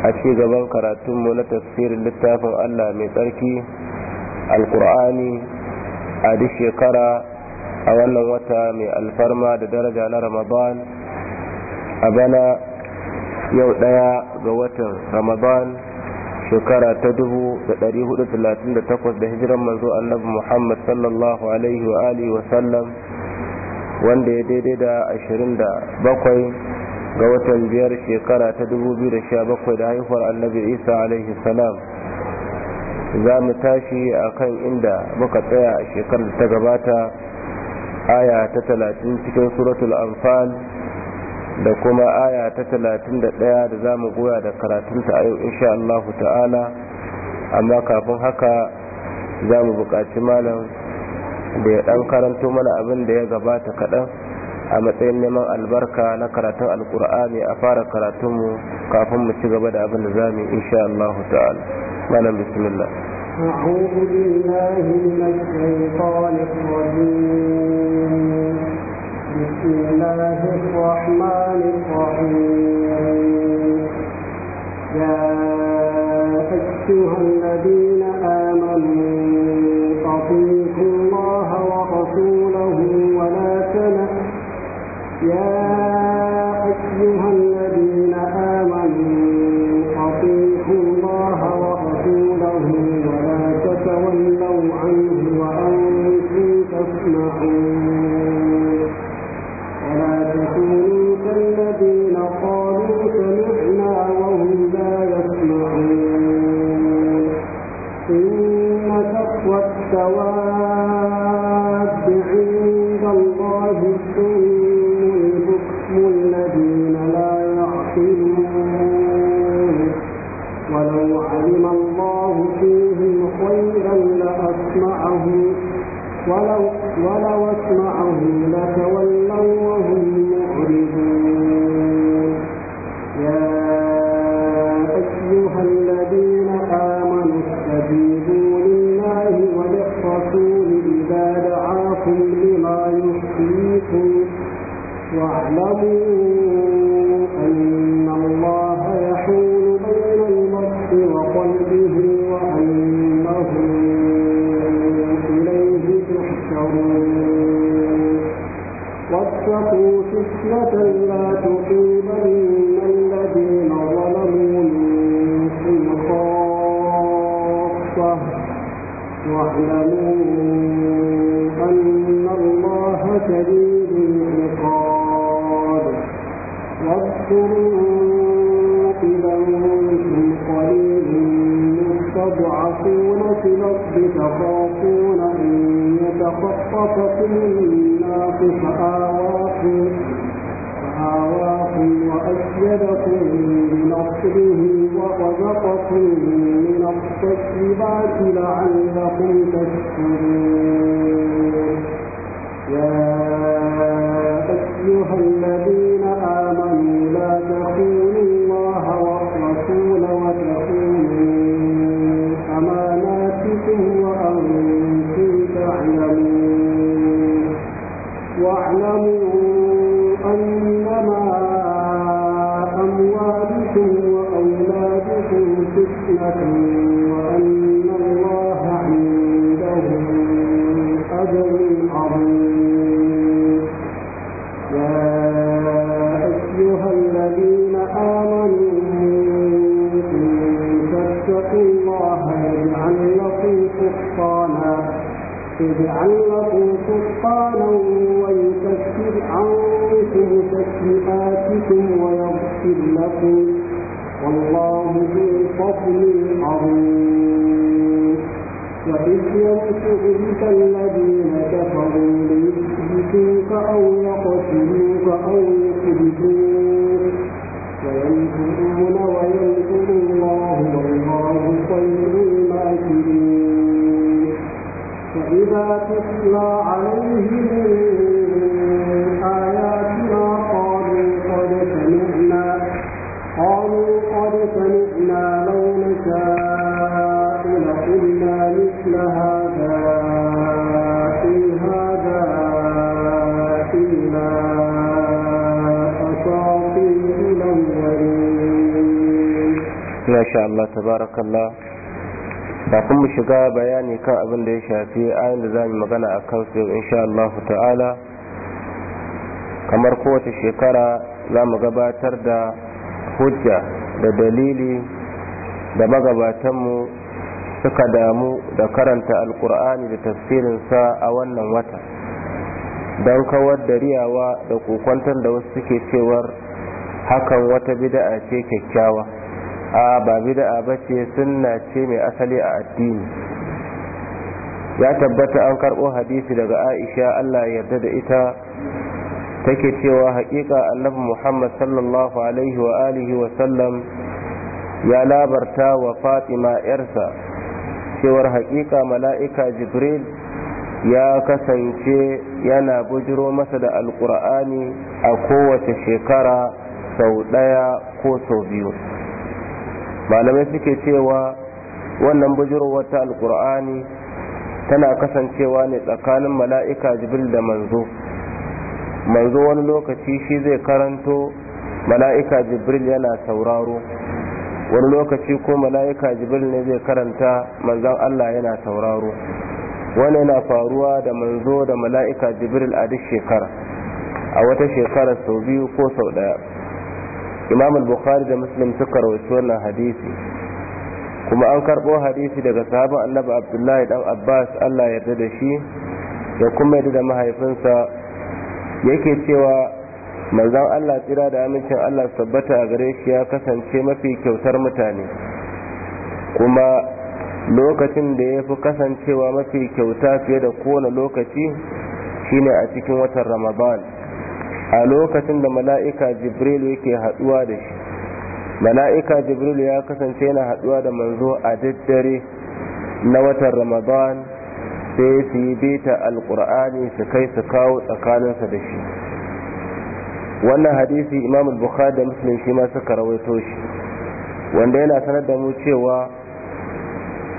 a ci gaban karatunmu na tafsirin littafin Allah mai tsarki alkur'ani a duk shekara a wannan wata mai alfarma da daraja na ramadan a bana yau daya ga watan ramadan shekara ta dubu da hijiran manzo annabi muhammad sallallahu alaihi wa wa sallam wanda ya daidai da bakwai. ga watan biyar shekara ta 2017 da haihuwar annabi isa alaihi salam za mu tashi a kan inda muka tsaya a shekarar ta gabata aya ta talatin cikin suratul anfal da kuma aya ta talatin da ɗaya da za mu goya da karatunta a yau insha Allah ta'ala amma kafin haka za mu buƙaci malam da ya ɗan karanto mana abin da ya gabata kaɗan a matsayin neman albarka na karatun alkur'ani a fara karatunmu kafin mu ci gaba da abin da za mu insha Allah ta'ala malam bismillah أعوذ بالله من الشيطان الرجيم بسم الله الرحمن الرحيم يا أيها الذين آمنوا أطيعوا الله ورسوله ولا تنهوا يا أيها الذين آمنوا أطيعوا الله ورسوله ولا تتولوا عنه وأنتم تسمعون ولا تكونوا كالذين قالوا سمعنا وهم لا يسمعون إن تقوى التوالي علم الله فيهم خيرا لأسمعهم ولو, ولو أسمعهم لتولوا وهم تخطفكم الناس فآواكم فآواكم وأيدكم بنصره ورزقكم من الطيبات لعلكم تشكرون يا أيها الذين آمنوا لا تخونوا يذكر سيئاتكم ويغفر لكم والله ذو الفضل العظيم وإذ يمكر بك الذين كفروا ليثبتوك أو يقتلوك أو يخرجوك ويمكرون ويمكر الله والله خير الماكرين فإذا تتلى عليهم آيات sha Allah tabarakallah kafin mu shiga bayani kan abin da ya shafi ayin da za mu magana a kan su insha Allah ta'ala kamar kowace shekara za mu gabatar da hujja da dalili da magabatanmu suka damu da karanta alkur'ani da tafsirinsa a wannan wata don kawar da riyawa da kokwantar da wasu suke cewar hakan wata bida'a ce kyakkyawa a ba bid'a ba ce sunna ce mai asali a addini ya tabbata an karɓo hadisi daga aisha allah yarda da ita take cewa haƙiƙa annabi muhammad sallallahu alaihi wa alihi wa sallam ya labarta wa fatima yarsa cewar haƙiƙa mala'ika jibril ya kasance yana bujiro masa da alƙur'ani a kowace shekara sau ɗaya ko sau biyu malamai suke cewa wannan bujirowar ta alkur'ani tana kasancewa ne tsakanin mala'ika jibril da manzo manzo wani lokaci shi zai karanto mala'ika jibril yana sauraro wani lokaci ko mala'ika jibril ne zai karanta manzon allah yana sauraro wani yana faruwa da manzo da mala'ika jibril a duk shekara a wata shekara sau biyu ko sau ɗaya imam al-bukhari da muslim suka rawaito wannan hadisi kuma an karɓo hadisi daga sahaba annabi abdullahi dan abbas allah ya yarda da shi da kuma yarda da mahaifinsa yake cewa manzon allah tsira da amincin allah sabbata a gare shi ya kasance mafi kyautar mutane kuma lokacin da ya fi kasancewa mafi kyauta fiye da kowane lokaci shine a cikin watan ramadan a lokacin da mala'ika jibril yake haduwa da shi mala'ika jibril ya kasance yana haduwa da manzo a daddare na watan ramadan sai su yi beta Alƙur'ani su kai su kawo tsakaninsa da shi wannan hadisi imam bukhari da muslim shi ma suka rawaito shi wanda yana sanar da mu cewa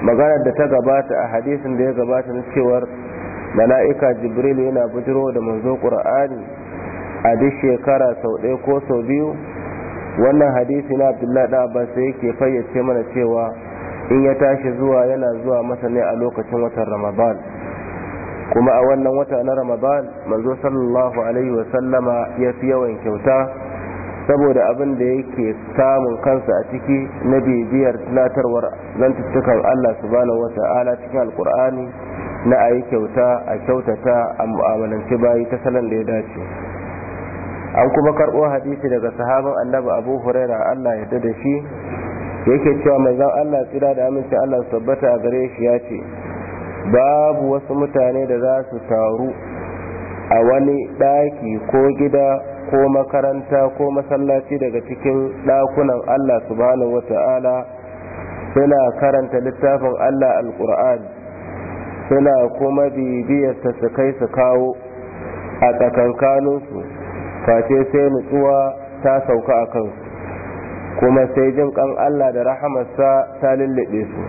maganar da ta gabata a hadisin da ya gabata na cewar mala'ika jibril yana bujiro da manzo ƙur'ani. a duk shekara sau ɗaya ko sau biyu wannan hadisi na abdullahi ɗan abbas yake fayyace mana cewa in ya tashi zuwa yana zuwa masa ne a lokacin watan ramadan kuma a wannan wata na ramadan manzo sallallahu alaihi wa sallama ya fi yawan kyauta saboda abin da yake samun kansa a ciki na bibiyar tunatarwar zantuttukan Allah subhanahu wa ta'ala cikin alkur'ani na a yi kyauta a kyautata a mu'amalanci bayi ta salon da ya dace an kuma karɓo hadisi daga sahaban annabi abu huraira allah ya da shi yake cewa manzon allah tsira da aminci allah su tabbata a gare shi ya ce babu wasu mutane da za su taru a wani ɗaki ko gida ko makaranta ko masallaci daga cikin ɗakunan allah subhanahu wata'ala suna karanta littafin allah alkur'ani suna kuma ta su kai su kawo a tsakankaninsu face sai nutsuwa ta sauka a kansu kuma sai jin kan Allah da rahamarsa ta lullube su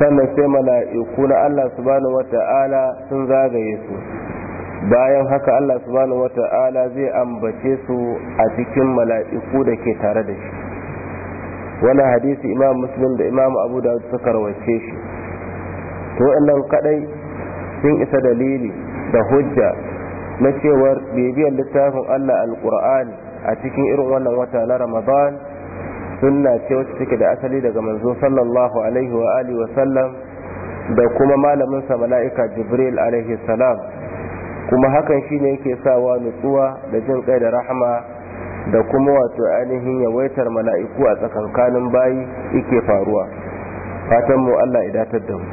sannan sai mala'iku na Allah subhanahu wata'ala sun zagaye su bayan haka Allah subhanahu wata'ala zai ambace su a cikin mala'iku da ke tare da shi wani hadisi imam muslim da imam abu da suka rawace shi to nan kadai sun isa dalili da hujja na cewar bibiyar littafin Allah al alkur'ani a cikin irin wannan wata na Ramadan sunna ce wacce take da asali daga manzo sallallahu alaihi wa alihi wa sallam da kuma malamin sa mala'ika Jibril alaihi salam kuma hakan shine yake sawa nutsuwa da jin kai da rahama da kuma wato ainihin yawaitar mala'iku a tsakankanin bayi yake faruwa fatan mu Allah idatar da mu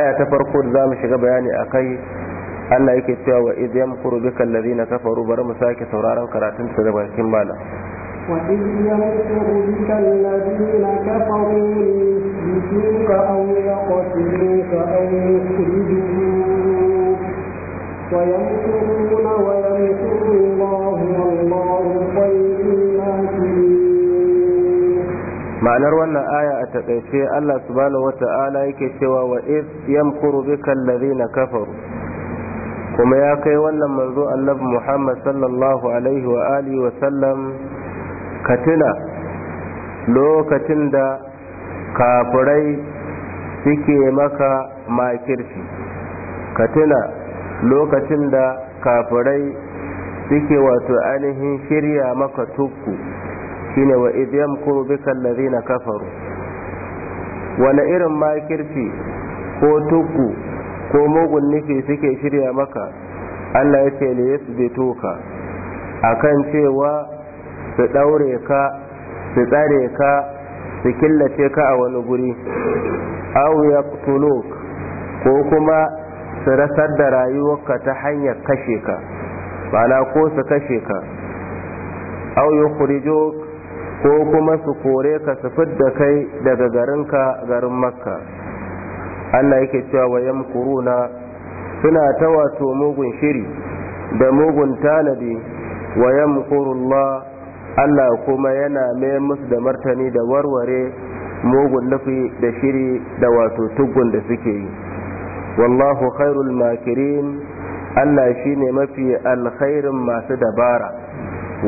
aya ta farko da zamu shiga bayani akai Allah yake cewa wa idh yamkuru bika alladhina kafaru bari mu sake sauraron karatun sa daga cikin malam wa idh yamkuru bika alladhina kafaru yusuka aw yaqtuluka aw yukhrijuka wa yamkuruna wa yamkuru Allah wallahu khayrul ma'anar wannan aya a takaice Allah subhanahu wata'ala yake cewa wa idh yamkuru bika alladhina kafaru kuma ya kai wannan manzo annabi muhammad sallallahu alaihi wa alihi wa sallam katina lokacin da kafirai suke maka makirci katina lokacin da kafirai suke wato ainihin shirya maka tukku shine wa idiyam kuru bikan kafaru wani irin makirci ko tukku ko mugun nufi suke shirya maka Allah ya ce da ya ka a kan cewa su ɗaure ka su tsare ka su killace ka a wani guri au tulok ko kuma su rasar da rayuwarka ta hanyar kashe ka Bana ko su kashe ka au ya ko kuma su kore ka su fidda kai daga garinka garin makka Allah yake cewa wa yamkuruna suna ta wato mugun shiri da mugun tanadi wa yamkurullah Allah kuma yana mai musu da martani da warware mugun nufi da shiri da wato tuggun da suke yi wallahu khairul makirin Allah shine mafi alkhairin masu dabara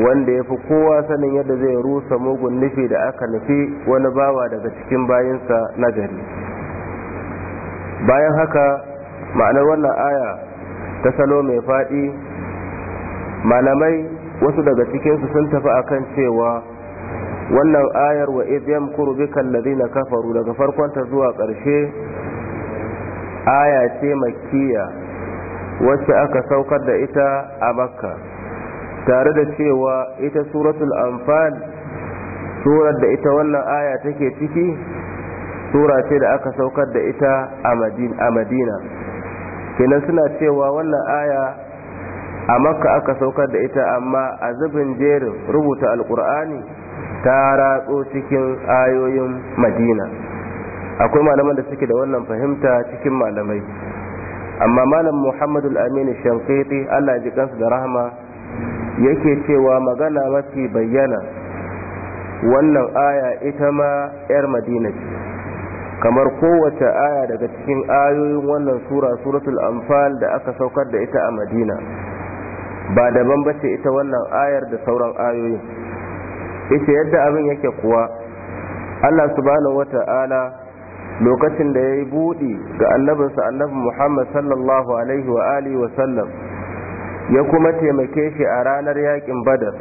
wanda ya fi kowa sanin yadda zai rusa mugun nufi da aka nufi wani bawa daga cikin bayinsa na gari bayan haka ma'anar wannan aya ta salo mai faɗi malamai wasu daga cikinsu sun tafi akan cewa wannan ayar wa iz yamkuru bika alladhina kafaru daga farkonta zuwa ƙarshe aya ce makkiya wacce aka saukar da ita a makka tare da cewa ita suratul anfal surar da ita wannan aya take ciki sura ce da aka saukar da ita a madina kenan suna cewa wannan aya a makka aka saukar da ita amma a zubin jerin rubuta alkur'ani ta ratso cikin ayoyin madina akwai malaman da suke da wannan fahimta cikin malamai amma malam muhammadu aminu shankiti allah ji kansu da rahama yake cewa magana mafi bayyana wannan aya ita ma 'yar madina ce kamar kowace aya daga cikin ayoyin wannan sura suratul anfal da aka saukar da ita a madina ba daban bace ita wannan ayar da sauran ayoyin ita yadda abin yake kuwa allah subhanahu wata'ala lokacin da ya yi buɗi ga annabinsa annabi muhammad sallallahu alaihi wa alihi wa sallam ya kuma taimake shi a ranar yakin badar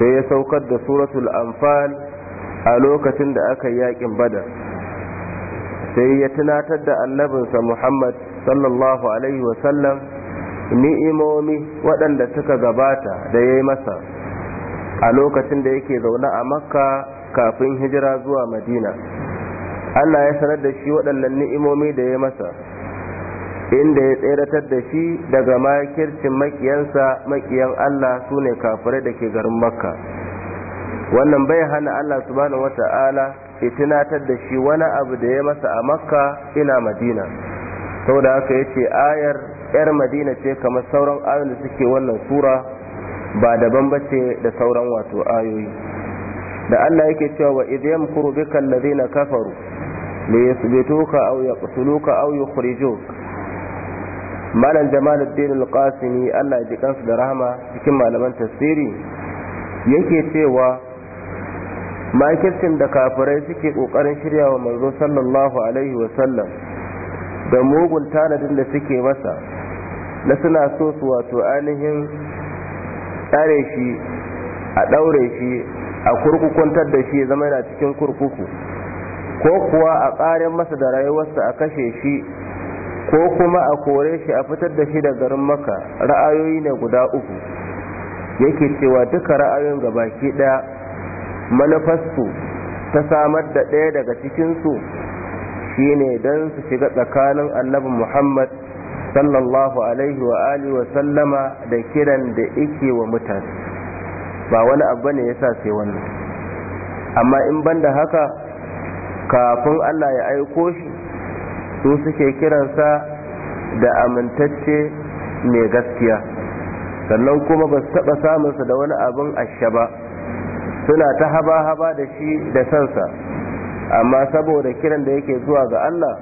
sai ya saukar da suratul anfal a lokacin da aka yi yakin badar sai ya tunatar da annabinsa muhammad sallallahu alaihi wasallam ni'imomi waɗanda suka gabata da ya yi masa a lokacin da yake zaune a makka kafin hijira zuwa madina allah ya sanar da shi waɗannan ni'imomi da ya yi masa inda ya tseratar da shi daga makircin makiyansa makiyan allah su ne kafirai da ke garin makka wannan bai hana allah subhanahu wata'ala ya tunatar da shi wani abu da ya masa a makka ina madina saboda haka ya ce ayar yar madina ce kamar sauran ayoyin da suke wannan sura ba daban ba ce da sauran wato ayoyi da allah yake cewa wa idh yamkuru bika alladhina kafaru li yuthbituka aw yaqtuluka aw yukhrijuk malam jamaluddin al-qasimi allah ya ji kansu da rahama cikin malaman tafsiri yake cewa makircin da kafirai suke ƙoƙarin shirya wa manzo sallallahu alaihi wasallam da mugun tanadin da suke masa na suna so su wato ainihin tsare shi a ɗaure shi a kurkukuntar da shi zama yana cikin kurkuku ko kuwa a ƙarin masa da rayuwarsa a kashe shi ko kuma a kore shi a fitar da shi da garin maka ra'ayoyi ne guda uku yake cewa duka ra'ayoyin gabaki ɗaya manufarsu ta samar da ɗaya daga cikinsu shi ne don su shiga tsakanin annabi muhammad sallallahu alaihi wa alihi wa sallama da kiran da ike wa mutane ba wani abu ne ya sa sai wannan amma in ban da haka kafin allah ya aiko shi su suke kiransa da amintacce mai gaskiya sannan kuma ba su taɓa samunsa da wani abin ashe ba suna ta haba-haba da shi da sansa amma saboda kiran da yake zuwa ga Allah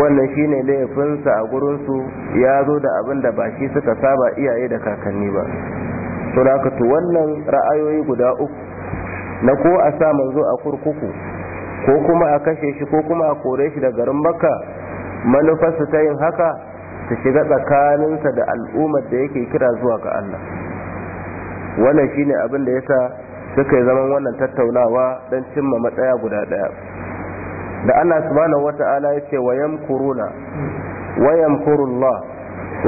wannan shine laifinsa a gurinsu ya zo da abin da ba shi suka saba iyaye da kakanni ba to wannan ra'ayoyi guda uku na ko a sa manzo a kurkuku ko kuma a kashe shi ko kuma a kore shi da garin makka manufarsu ta yin haka ta shiga tsakaninsa da al'ummar da yake kira zuwa ga Allah wannan shine abin da yasa suka yi zaman wannan tattaunawa don cimma matsaya guda ɗaya da Allah subhanahu wata'ala ya ce wa yamkuruna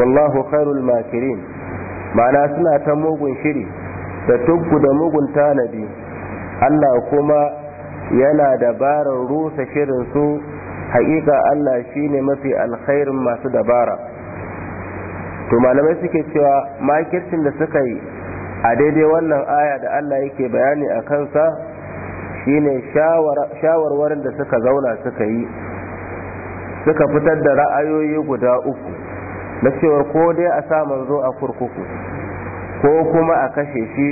wallahu khairul makirin ma'ana suna ta mugun shiri da tuggu da mugun tanadi Allah kuma yana dabarar rusa shirin su haƙiƙa Allah shine mafi alkhairin masu dabara to malamai suke cewa makircin da suka yi a daidai wannan aya da Allah yake bayani a kansa shine shawarwarin da suka zauna suka yi suka fitar da ra'ayoyi guda uku na cewar ko dai a sa zo a kurkuku ko kuma a kashe shi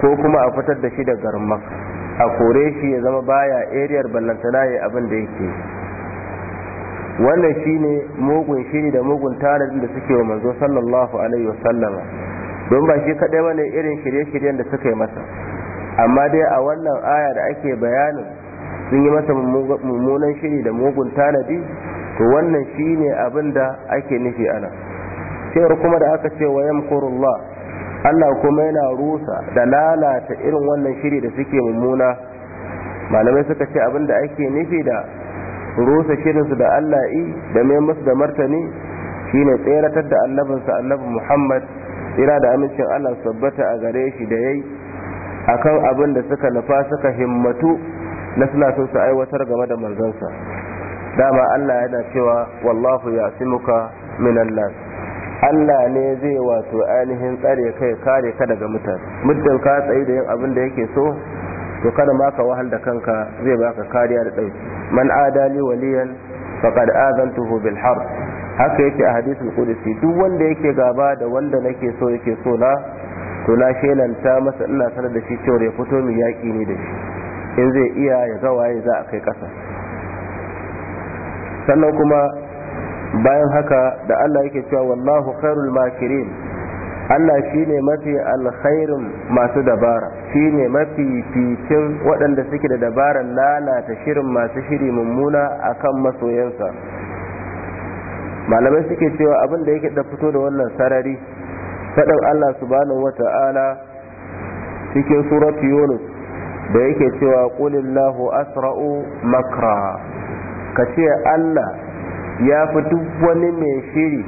ko kuma a fitar da shi da garmak a kore shi ya zama baya ariyar ballantana ya abin da yake wannan shi ne mugun shiri da mugun tarihin da suke wa manzo sallallahu alaihi wasallama don ba shi kaɗai ne irin shirye-shiryen da suka yi masa amma dai a wannan aya da ake bayanin sun yi masa mummunan shiri da mugun tanadi to wannan shine abin da ake nufi ana cewar kuma da aka ce wa yamkurullah Allah kuma yana rusa da lalata irin wannan shiri da suke mummuna malamai suka ce abin da ake nufi da rusa shirinsu da Allah i da mai musu da martani shine tseratar da annabinsa annabin Muhammad tsira da amincin Allah sabbata a gare shi da yayi akan abin da suka nufa suka himmatu na suna so su aiwatar game da manzansa dama Allah yana cewa wallahu yasimuka min minan Allah ne zai wato ainihin tsare kai kare ka daga mutane muddin ka tsayi da yin abin da yake so to kada ma ka wahal da kanka zai baka kariya da ɗauki man adali waliyan faqad azantuhu bil harb haka yake a hadisul qudsi duk wanda yake gaba da wanda nake so yake so na to na shelanta masa ina sanar da shi cewa ya fito mu yaki ne da shi in zai iya ya ga waye za a kai kasa sannan kuma bayan haka da Allah yake cewa wallahu khairul makirin Allah shine mafi alkhairin masu dabara shine mafi fitin waɗanda suke da dabarar lalata shirin masu shiri mummuna akan masoyansa malamai suke cewa abin da yake da fito da wannan sarari faɗin Allah subhanahu wata'ala cikin suratu Yunus da yake cewa qulillahu asra'u makra kace Allah ya fi duk wani mai shiri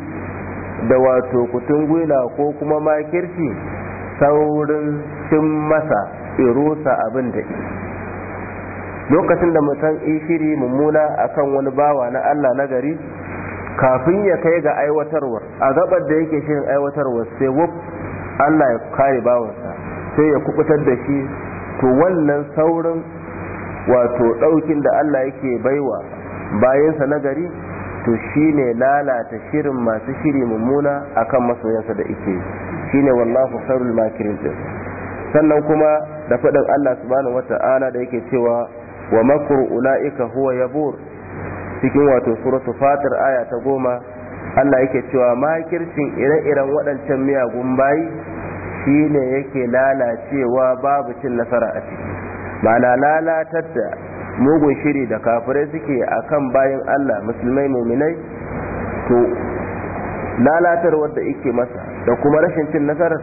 da wato kutun gwila ko kuma makirci saurin cin masa irusa abin da lokacin da mutum shiri mummuna akan wani bawa na Allah na gari kafin ya kai ga aiwatarwar a gabar da yake shirin aiwatarwar sai wuf Allah ya kare bawansa sai ya kubutar da shi to wannan saurin wato daukin da Allah yake baiwa bayansa na gari to shine lalata shirin masu shiri mummuna akan masoyansa da ike shine wallahu khairul makirin din sannan kuma da faɗin Allah subhanahu wata'ala da yake cewa wa makru ulaika huwa yabur cikin wato suratul fatir aya ta goma Allah yake cewa makircin ire-iren waɗancan miyagun bayi shine yake lalacewa babu cin nasara a ciki ma'ana lalatar da mugun shiri da kafirai suke kan bayan Allah musulmai muminai to lalatar wadda yake masa da kuma rashin cin nasarar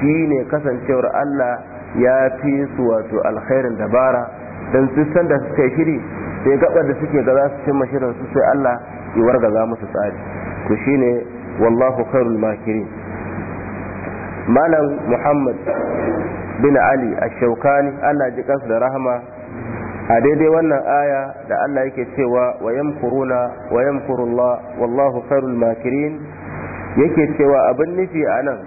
shine kasancewar Allah ya fi su wato alkhairin dabara don su sanda suka shiri sai gabar da suke ga za su cin shirin su sai Allah warga za musu tsari ku shine wallahu khairul makirin malam muhammad bin ali ash-shawkani Allah ji kansu da rahama a daidai wannan aya da Allah yake cewa wa yamkuruna wa yamkurullah wallahu khairul makirin yake cewa abin nufi anan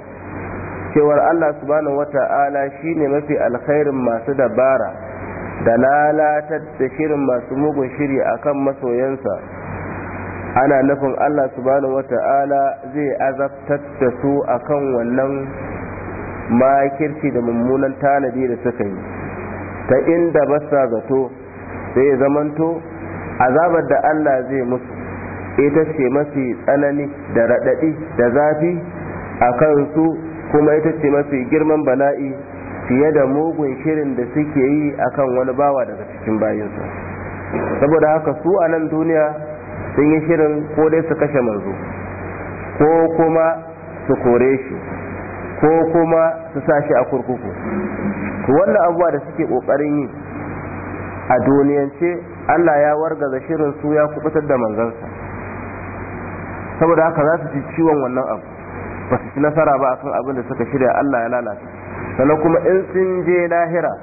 cewar Allah subhanahu wata'ala shine mafi alkhairin masu dabara da lalatar da shirin masu mugun shiri akan masoyansa ana nufin Allah subhanahu wata'ala zai azabtar da su akan wannan makirci da mummunan tanadi da suka yi ta inda ba sa zato sai ya zamanto azabar da Allah zai musu ita ce mafi tsanani da raɗaɗi da zafi a su kuma ita ce mafi girman bala'i fiye da mugun shirin da suke yi akan wani bawa daga cikin bayinsu saboda haka su a nan duniya sun yi shirin ko dai su kashe manzo ko kuma su kore shi ko kuma su sa shi a kurkuku wannan abuwa da suke kokarin yi a duniyance allah ya wargaza shirin su ya kubutar da manzansa saboda haka za su ci ciwon wannan abu ba su ci nasara ba akan abin da suka shirya allah ya lalata sannan kuma in sun je lahira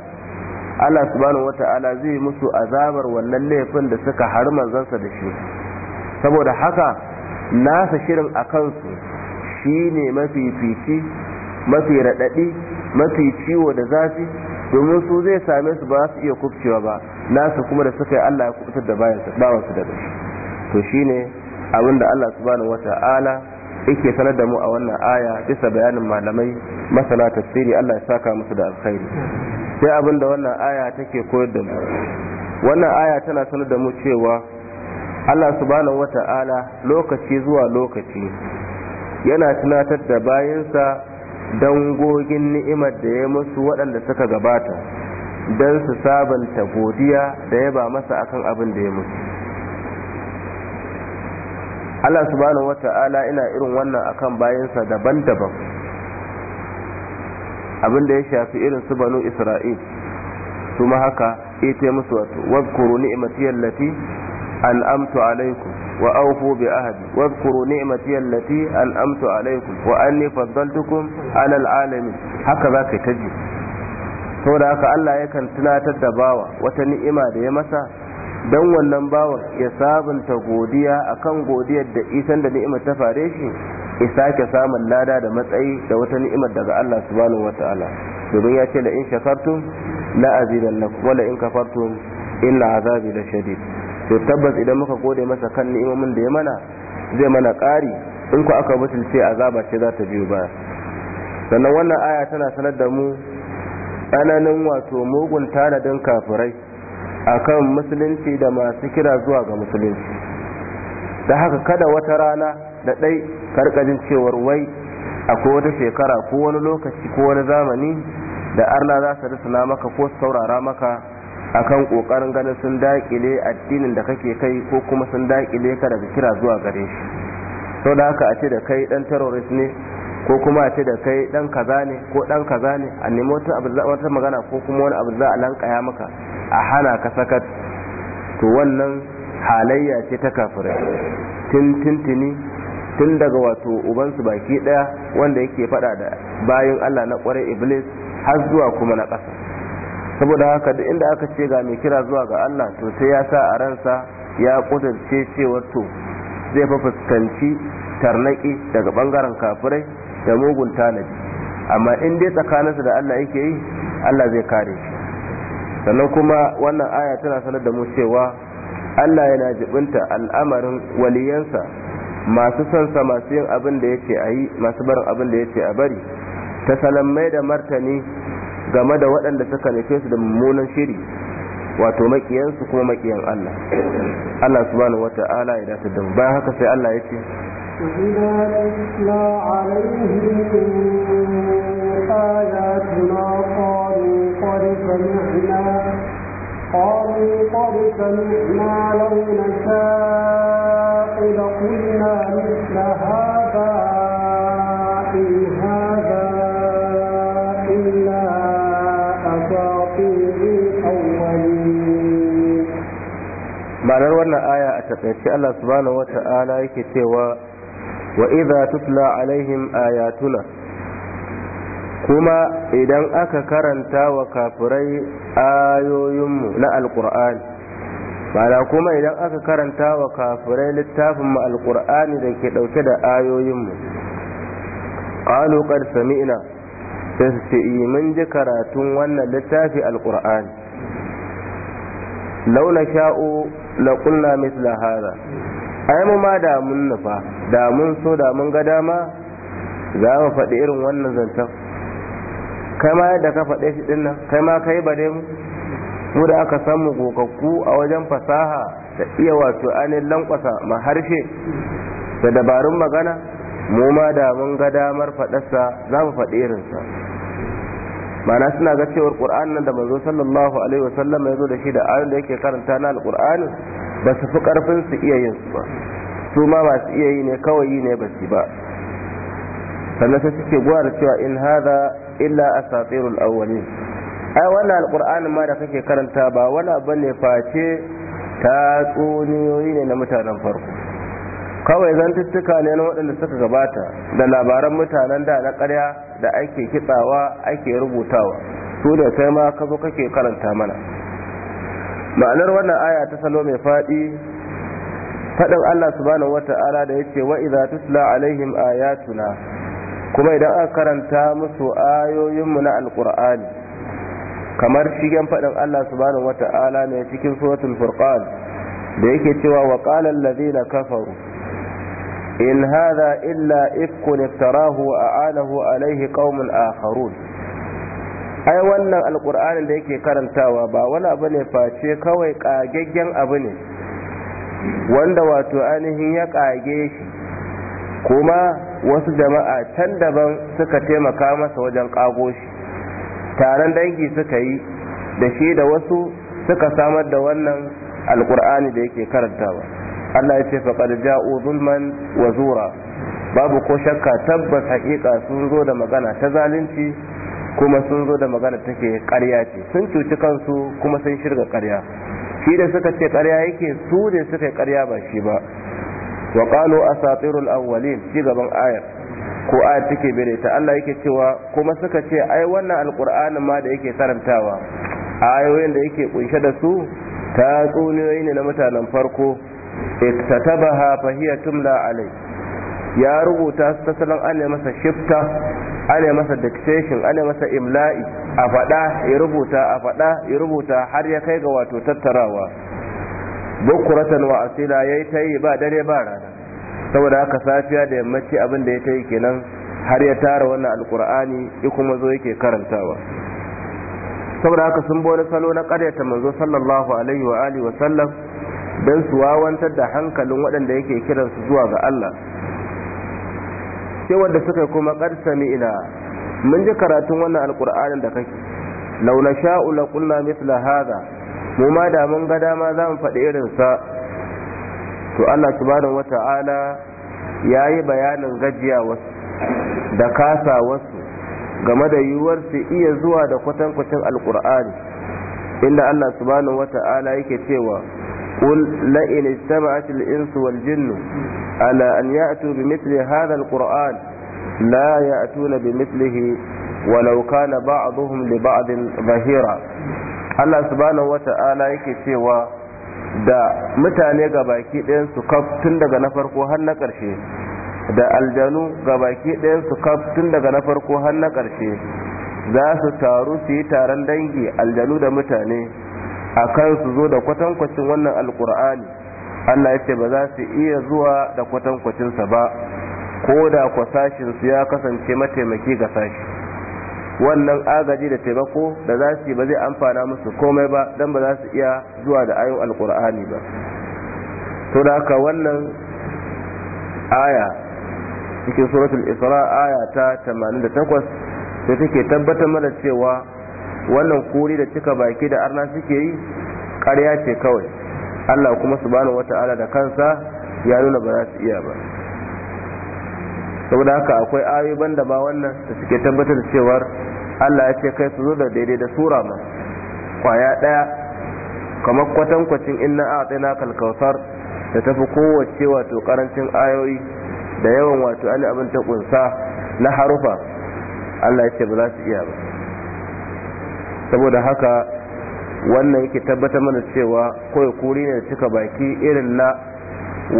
Allah subhanahu wata'ala zai musu azabar wannan laifin da suka hari manzansa da shi saboda haka nasa shirin a kansu shi mafi fici mafi raɗaɗi mafi ciwo da zafi domin su zai same su ba su iya kubcewa ba nasa kuma da suka yi Allah ya kubutar da bawansu daga shi to shine abin da Allah subhanahu wata'ala yake sanar da mu a wannan aya bisa bayanin malamai masana tafsiri Allah ya saka musu da alkhairi sai abinda da wannan aya take koyar da mu wannan aya tana sanar da mu cewa Allah subhanahu wata'ala lokaci zuwa lokaci yana tunatar da bayansa dangogin ni'imar da ya musu waɗanda suka gabata don su sabanta godiya da ya ba masa akan abin da ya musu Allah subhanahu ta'ala ina irin wannan akan bayansa daban-daban abin da ya shafi irin su banu isra'il su ma haka ita musu wato wadkuru ni'mati allati an'amtu alaikum wa awfu bi ahdi wadkuru ni'mati allati an'amtu alaikum wa anni faddaltukum ala alamin haka zaka taji saboda haka Allah yakan tunatar da bawa wata ni'ima da ya masa don wannan bawan ya sabunta godiya akan godiyar da isan da ni'imar ta fare shi ya sake samun lada da matsayi da wata ni'imar daga Allah subhanahu wata'ala domin ya ce la in shakartum la lakum wala in kafartum illa azabi la shadid to tabbas idan muka gode masa kan ni'imomin da ya mana zai mana ƙari in ku aka mutunce azaba ce za ta biyo baya sannan wannan aya tana sanar da mu tsananin wato mugun tanadin kafirai akan musulunci da masu kira zuwa ga musulunci da haka kada wata rana da ɗai karkajin cewar wai akwai wata shekara ko wani lokaci ko wani zamani da arna za su risana maka ko su saurara maka akan kokarin ganin sun dakile addinin da kake kai ko kuma sun dakile ka daga kira zuwa gare shi sau da haka a ce da kai ɗan terrorist ne ko kuma ce da kai dan kaza ne ko dan kaza ne a nemi wata abu wata magana ko kuma wani abu za a lankaya maka a hana ka sakat to wannan halayya ce ta kafirai tun tuntuni tun daga wato ubansu baki daya wanda yake fada da bayan Allah na kwarai iblis har zuwa kuma na ƙasa saboda haka duk inda aka ce ga mai kira zuwa ga Allah to sai ya sa a ransa ya kudurce cewar to zai fa fuskanci tarnaki daga bangaren kafirai da mugun tanadi amma in dai tsakaninsa da Allah yake yi Allah zai kare shi sannan kuma wannan aya tana sanar da mu cewa Allah yana jibinta al'amarin waliyansa masu son sa masu yin abin da yake a yi masu barin abin da yake a bari ta salammai da martani game da waɗanda suka nufe su da mummunan shiri wato makiyansu kuma makiyan Allah Allah subhanahu wata'ala ya dace da bayan haka sai Allah ya ce إذا تتلى عليهم آياتنا قالوا قد سمعنا قالوا قد سمعنا لو نشاء لقلنا مثل هذا ma'anar wannan aya a takaice Allah subhanahu wata'ala yake cewa وإذا تتلى عليهم آياتنا kuma idan aka karanta wa kafirai ayoyinmu na alkur'ani mana kuma idan aka karanta wa kafirai littafinmu alkur'ani da ke ɗauke da ayoyinmu ƙalu ƙar sami'na mun ji karatun wannan littafi alkur'ani launa sha'u la ƙulla misla ai mu ma da mun nufa da mun so da mun ga dama za mu faɗi irin wannan zancen kai ma yadda ka faɗe shi dinnan kai ma kai bare mu mu da aka samu gogaggu a wajen fasaha da iya wato anin lankwasa ma harshe da dabarun magana mu ma da mun ga damar faɗarsa za mu faɗi irinsa mana suna ga cewar ƙur'an nan da manzo sallallahu alaihi wasallam ya zo da shi da ayoyin da yake karanta na alƙur'ani ba su fi karfin su iya yin su ba su ma masu iya yi ne kawai yi ne ba su ba sannan sai suke gwara cewa in hada illa asatirul awwalin ai wannan alkur'anin ma da kake karanta ba wani abu ne face tatsuniyoyi ne na mutanen farko kawai zan zantuttuka ne na waɗanda suka gabata da labaran mutanen da na ƙarya da ake kitsawa ake rubutawa su da kai ma ka zo kake karanta mana ma'anar wannan aya ta salo mai faɗi faɗin Allah subhanahu wata'ala da ya wa idza tutla alaihim ayatuna kuma idan aka karanta musu ayoyinmu na alqur'ani kamar shigen faɗin Allah subhanahu wata'ala ne cikin suratul furqan da yake cewa wa qala allazina kafaru in hadha illa ifkun iftarahu wa a'anahu alaihi qaumun akharun ai wannan alkur'anin da yake karantawa ba wani abu ne face kawai ƙagaggen abu ne wanda wato ainihin ya kage shi kuma wasu jama'a can daban suka taimaka masa wajen ƙago shi taron dangi suka yi da shi da wasu suka samar da wannan Alƙur'ani da yake karantawa Allah ya ce faqad ja'u zulman wa zura babu ko shakka tabbas haƙiƙa sun zo da magana ta zalunci kuma sun zo da magana take ƙarya ce sun cuci kansu kuma sun shirga ƙarya shi da suka ce ƙarya yake su ne suka yi ƙarya ba shi ba wa qalu asatirul awwalin ci gaban ayar ko ayar take bere ta Allah yake cewa kuma suka ce ai wannan alqur'anin ma da yake karantawa ayoyin da yake kunshe da su ta tsuniyoyi ne na mutanen farko iktatabaha fahiyatum la alai ya rubuta su ta salon ana masa shifta ana masa dictation ana masa imla'i a faɗa ya rubuta a faɗa ya rubuta har ya kai ga wato tattarawa bukuratan wa asila ya yi ta yi ba dare ba rana saboda haka safiya da yammaci abin da ya ta yi kenan har ya tara wannan alkur'ani ya kuma zo yake karantawa saboda haka sun bori salo na karyata manzo sallallahu alaihi wa alihi wa sallam don su wawantar da hankalin waɗanda yake kiransu zuwa ga Allah sai wanda suka kuma karsami ila mun ji karatun wannan alqur'anin da kake law sha'u la qulna mithla hadha mu ma da mun ga dama za mu faɗi irin sa to Allah subhanahu wata'ala yayi bayanin gajiya wasu da kasa wasu game da yiwuwar su iya zuwa da kwatankwacin alqur'ani inda Allah subhanahu wata'ala yake cewa قل لئن insu wal jinnu على أن يأتوا بمثل هذا القرآن لا يأتون بمثله ولو كان بعضهم لبعض ظهيرا Allah subhanahu wata'ala yake cewa da mutane ga baki ɗayan su kaf tun daga na farko har na ƙarshe da aljanu ga baki ɗayan su kaf tun daga na farko har na ƙarshe za su taru su yi taron dangi aljanu da mutane akan su zo da kwatankwacin wannan alkur'ani Allah ya ce ba za su iya zuwa da kwatankwacinsa ba ko da kwasashinsu ya kasance mataimaki ga sashi wannan agaji da taimako da za su yi ba zai amfana musu komai ba don ba za su iya zuwa da ayon alkur'ani ba to da haka wannan aya cikin suratul isra aya ta 88 sai take tabbatar mana cewa wannan kuri da cika baki da arna suke yi ƙarya ce kawai Allah kuma subhanahu wata'ala da kansa ya nuna ba za su iya ba saboda haka akwai ayoyi da ba wannan da suke tabbatar da cewar Allah ya ce kai su zo da daidai da sura ma kwaya daya kamar kwatankwacin inna a tsina kalkautar da tafi kowace wato karancin ayoyi da yawan wato ani abin ta kunsa na harufa Allah ya ce ba za su iya ba saboda haka wannan yake tabbatar mana cewa kawai kuri ne da cika baki irin na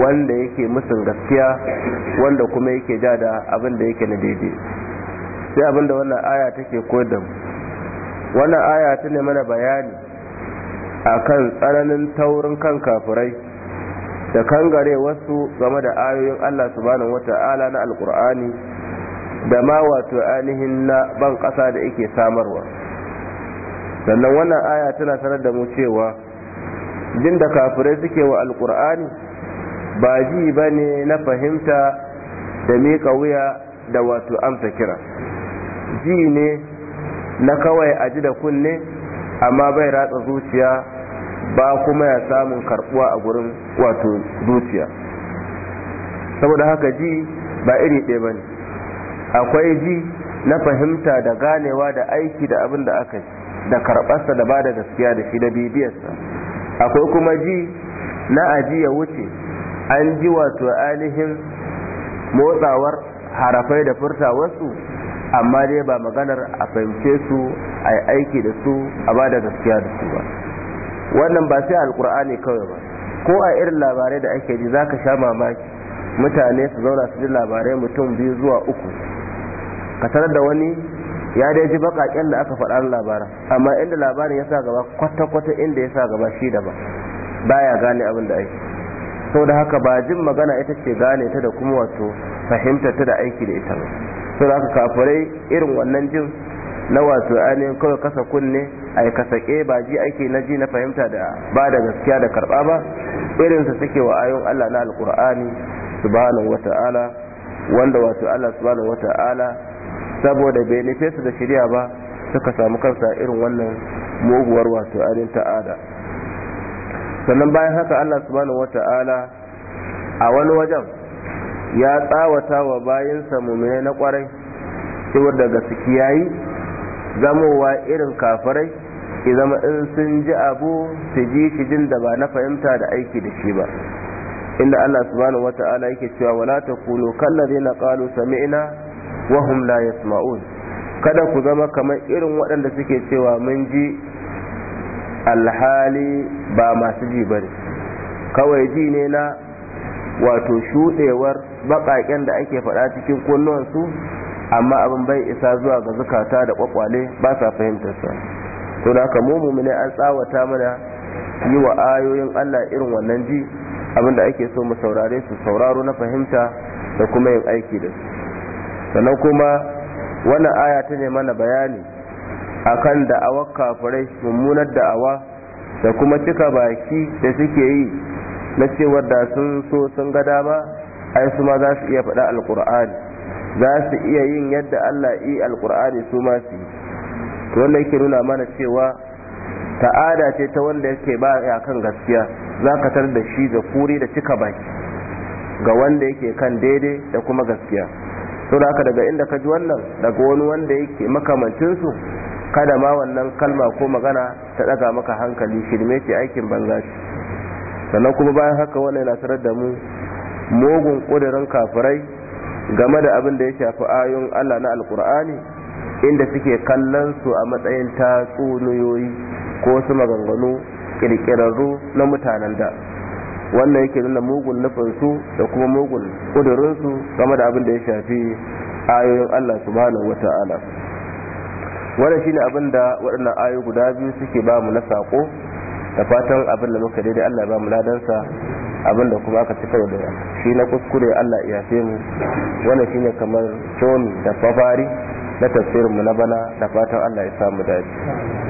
wanda yake musun gaskiya wanda kuma yake ja da abin da yake na daidai sai abin da wannan aya take koyar da mu wannan aya ta ne mana bayani akan tsananin taurin kan kafirai da kangare wasu game da ayoyin Allah subhanahu wata'ala na alkur'ani da ma wato ainihin na ban ƙasa da yake samarwa sannan wannan aya tana sanar da mu cewa jin da kafirai suke wa alkur'ani ba ji ba ne na fahimta da miƙa wuya da wato amsa kira ji ne na kawai a ji da kunne amma bai ratsa zuciya ba kuma ya samun karbuwa a gurin wato zuciya saboda haka ji ba iri ɗaya ba ne akwai ji na fahimta da ganewa da aiki da abin da aka yi da karbarsa da bada gaskiya da shi da bibiyarsa akwai kuma ji na aji ya wuce an ji wato ainihin motsawar harafai da furta wasu amma dai ba maganar a fahimce su a aiki da su a bada gaskiya da su ba wannan ba sai alkur'ani kawai ba ko a irin labarai da ake ji za ka sha mamaki mutane su zauna su ji labarai mutum biyu zuwa uku ka sanar da wani ya dai ji bakaken da aka faɗa labarin amma inda labarin ya sa gaba kwata-kwata inda ya sa gaba shi da ba baya gane abin da aiki sau da haka ba jin magana ita ce gane ta da kuma wato fahimta ta da aiki da ita ba sau da haka kafirai irin wannan jin na wato ainihin kawai kasa kunne a yi sake ba ji aiki na ji na fahimta da ba da gaskiya da karɓa ba irinsa suke wa ayon allah na alkur'ani subhanahu ta'ala wanda wato allah subhanahu ta'ala saboda bai nufi su da shirya ba suka samu kansa irin wannan muguwar wato alin ta'ada sannan bayan haka Allah subhanahu wata'ala a wani wajen ya tsawata wa bayansa mumine na kwarai cewar daga suki yayi zamowa irin kafirai idan in sun ji abu su ji shi jin da ba na fahimta da aiki da shi ba inda Allah subhanahu wata'ala yake cewa wala takunu kallazina qalu sami'na wa hum la yasma'un kada ku zama kamar irin waɗanda suke cewa mun ji alhali ba masu ji ne kawai ji ne na wato shuɗewar baƙaƙen da ake faɗa cikin kunnuwansu amma abin bai isa zuwa ga zukata da ƙwaƙwale ba sa fahimtarsa to da haka mu ne an tsawata mana yi wa ayoyin Allah irin wannan ji abin da ake so mu saurare su sauraro na fahimta da kuma yin aiki da su sannan kuma wannan aya ta ne mana bayani akan da'awar kafirai mummunar da'awa da kuma cika baki da suke yi na cewar da sun so sun ga dama ai su ma za su iya faɗa alƙur'ani za su iya yin yadda Allah yi alƙur'ani su ma su yi to yake nuna mana cewa ta'ada ce ta wanda yake ba ya kan gaskiya za ka tar da shi da kuri da cika baki ga wanda yake kan daidai da kuma gaskiya saboda aka daga inda ka ji wannan daga wani wanda yake makamancinsu kada ma wannan kalma ko magana ta daga maka hankali shirme ce aikin banza shi. sannan kuma bayan haka wannan yana tarar da mu mugun kudirin kafirai game da abin da ya shafi ayoyin Allah na alkur'ani inda suke kallon su a matsayin tatsuniyoyi ko su maganganu ƙirƙirarru na mutanen da wannan yake nuna mugun nufinsu da kuma mugun kudurinsu game da abin da ya shafi ayoyin Allah subhanahu wa ta'ala shine abin da waɗannan ayoyi guda biyu suke ba mu na sako da fatan abin da muka daidai Allah ba mu ladansa abin da kuma aka cika da shi na kuskure Allah ya fi mu wannan shine kamar toni da fafari na mu na bana da fatan Allah ya samu dace